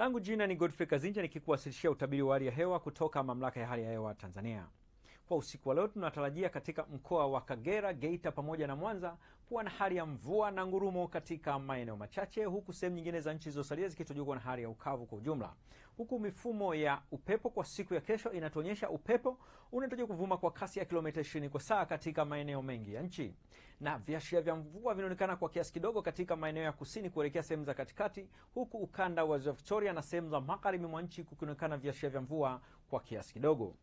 langu jina ni Godfrey Kazinja nikikuwasilishia utabiri wa hali ya hewa kutoka Mamlaka ya Hali ya Hewa Tanzania. Kwa usiku wa leo tunatarajia katika mkoa wa Kagera, Geita pamoja na Mwanza kuwa na hali ya mvua na ngurumo katika maeneo machache, huku sehemu nyingine za nchi zilizosalia zikitarajiwa kuwa na hali ya ukavu kwa ujumla, huku mifumo ya upepo kwa siku ya kesho inatuonyesha upepo unatarajiwa kuvuma kwa kasi ya kilomita 20 kwa saa katika maeneo mengi ya nchi, na viashiria vya mvua vinaonekana kwa kiasi kidogo katika maeneo ya kusini kuelekea sehemu za katikati, huku ukanda wa Ziwa Victoria na sehemu za magharibi mwa nchi kukionekana viashiria vya mvua kwa kiasi kidogo.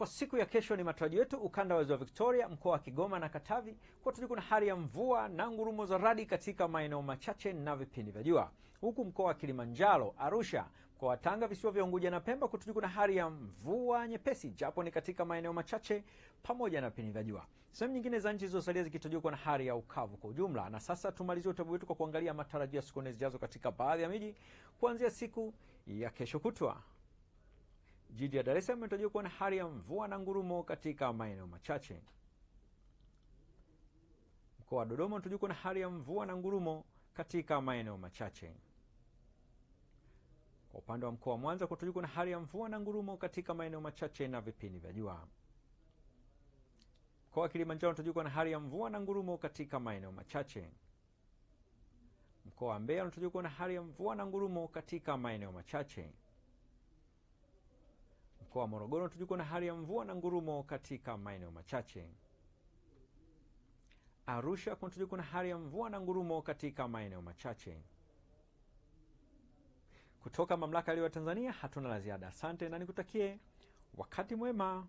Kwa siku ya kesho ni matarajio yetu ukanda wa ziwa Victoria, mkoa wa Kigoma na Katavi kwa tuliko na hali ya mvua na ngurumo za radi katika maeneo machache na vipindi vya jua, huku mkoa wa Kilimanjaro, Arusha, mkoa wa Tanga, visiwa vya Unguja na Pemba kwa kutuliko na hali ya mvua nyepesi japo ni katika maeneo machache pamoja na vipindi vya jua. Sehemu nyingine za nchi zilizosalia zikitarajiwa kuwa na hali ya ukavu kwa ujumla. Na sasa tumalizie utabiri wetu kwa kuangalia matarajio ya siku zijazo katika baadhi ya miji kuanzia siku ya kesho kutwa. Jiji la Dar es Salaam kuwa na hali ya mvua na ngurumo katika maeneo machache. Mkoa wa Dodoma unatarajiwa kuwa na hali ya mvua na ngurumo katika maeneo machache. Kwa upande wa mkoa wa Mwanza kunatarajiwa kuwa na hali ya mvua na ngurumo katika maeneo machache na vipindi vya jua. Mkoa wa Kilimanjaro unatarajiwa kuwa na hali ya mvua na ngurumo katika maeneo machache. Mkoa wa Mbeya unatarajiwa kuwa na hali ya mvua na ngurumo katika maeneo machache. Mkoa wa Morogoro tuliko na hali ya mvua na ngurumo katika maeneo machache. Arusha tuliko na hali ya mvua na ngurumo katika maeneo machache. Kutoka mamlaka ya Tanzania hatuna la ziada. Asante na nikutakie wakati mwema.